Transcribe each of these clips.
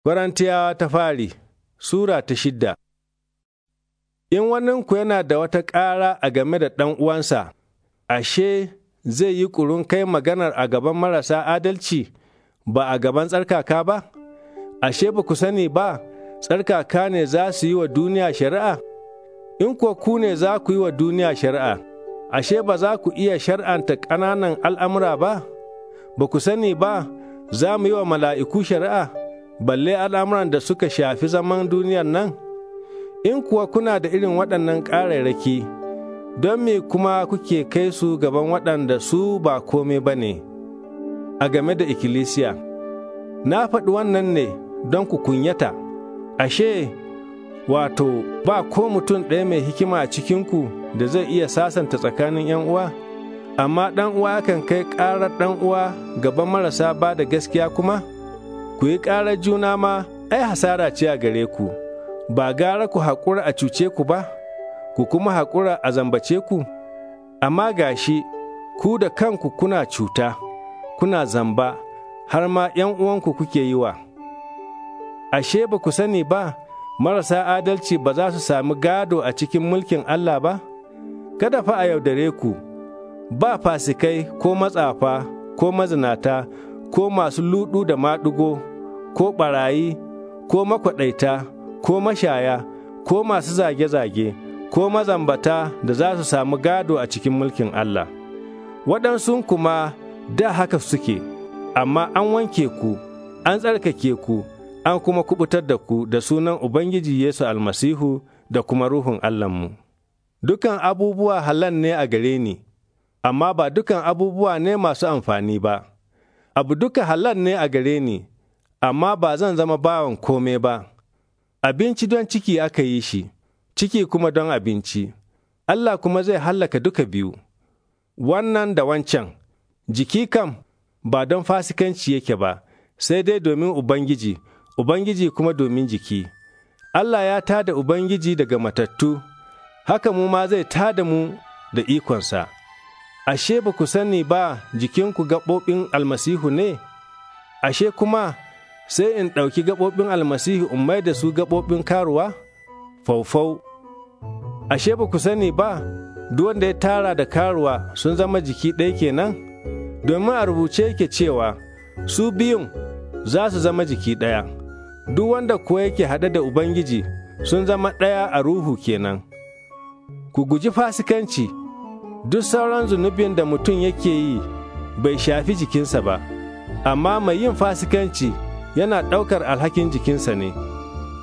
Korintiyawa ta fari Sura ta shidda In waninku yana da wata ƙara a game da ɗan uwansa, ashe zai yi ƙurun kai maganar a gaban marasa adalci ba a gaban tsarkaka ba? Ashe ba ku sani ba, tsarkaka ne za su yi wa duniya shari'a? In kuwa ku ne za ku yi wa duniya shari'a, ashe ba za ku iya shari'anta ƙananan al'amura ba? Ba ku sani ba, za mu yi wa mala'iku shari'a? balle al'amuran da suka shafi zaman duniyar nan? In kuwa kuna da irin waɗannan ƙararraki, don me kuma kuke kai su gaban waɗanda su ba kome ba ne a game da ikkilisiya. Na faɗi wannan ne don ku kunyata, ashe, wato, ba ko mutum ɗaya mai hikima a cikinku da zai iya sasanta tsakanin 'yan uwa? Amma ɗan uwa kan kai ƙarar ɗan uwa gaban marasa ba da gaskiya kuma? ku yi ƙarar juna ma ai hasara ce a gare ku, ba gara ku haƙura a cuce ku ba, ku kuma haƙura a zambace ku, amma gashi ku da kanku kuna cuta, kuna zamba, har ma ’yan uwanku kuke yi wa. Ashe ba ku sani ba, marasa adalci ba za su sami gado a cikin mulkin Allah ba? Kada fa a yaudare ku, ba fasikai ko matsafa ko mazinata ko masu luɗu da maɗigo. ko ɓarayi, ko makwaɗaita, ko mashaya, ko masu zage-zage, ko mazambata da za su samu gado a cikin mulkin Allah. Waɗansu kuma da haka suke, amma an wanke ku, an tsarkake ku, an kuma kubutar da ku da sunan Ubangiji Yesu almasihu da kuma Ruhun Allahnmu. Dukan abubuwa halal ne a gare ni, amma ba dukan abubuwa ne masu amfani ba. Abu duka halal ne a gare ni. amma ba zan zama bawan kome ba, abinci don ciki aka yi shi, ciki kuma don abinci, Allah kuma zai hallaka duka biyu, wannan da wancan, jiki kam ba don fasikanci yake ba, sai dai domin Ubangiji, Ubangiji kuma domin jiki. Allah ya tā da Ubangiji daga matattu, haka mu ma zai tā da mu da ikonsa. Ashe ba ku sani ba jikinku gaɓoɓin almasihu ne? Ashe kuma sai in ɗauki gaɓoɓin almasihu in mai da su gaɓoɓin karuwa? Faufau. Ashe ba ku sani ba, duwan wanda ya tara da karuwa sun zama jiki ɗaya kenan? Domin a rubuce yake cewa, su biyun za su zama jiki ɗaya. Duk wanda kuwa yake haɗe da Ubangiji sun zama ɗaya a ruhu kenan. Ku guji fasikanci, duk sauran zunubin da mutum yake yi bai shafi jikinsa ba, amma mai yin fasikanci yana ɗaukar alhakin jikinsa ne.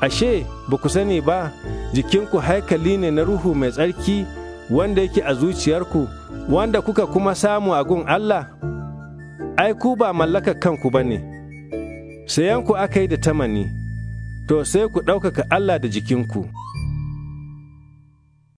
Ashe, ba ku sani ba, jikinku haikali ne na Ruhu mai tsarki wanda yake a zuciyarku, wanda kuka kuma samu a gun Allah? Ai, ku ba mallaka kanku ba ne, sayanku aka yi da tamani, to sai ku ɗaukaka Allah da jikinku.